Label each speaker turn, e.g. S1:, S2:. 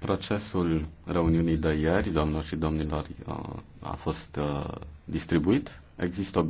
S1: Procesul reuniunii de ieri, doamnelor și domnilor, a fost distribuit. Există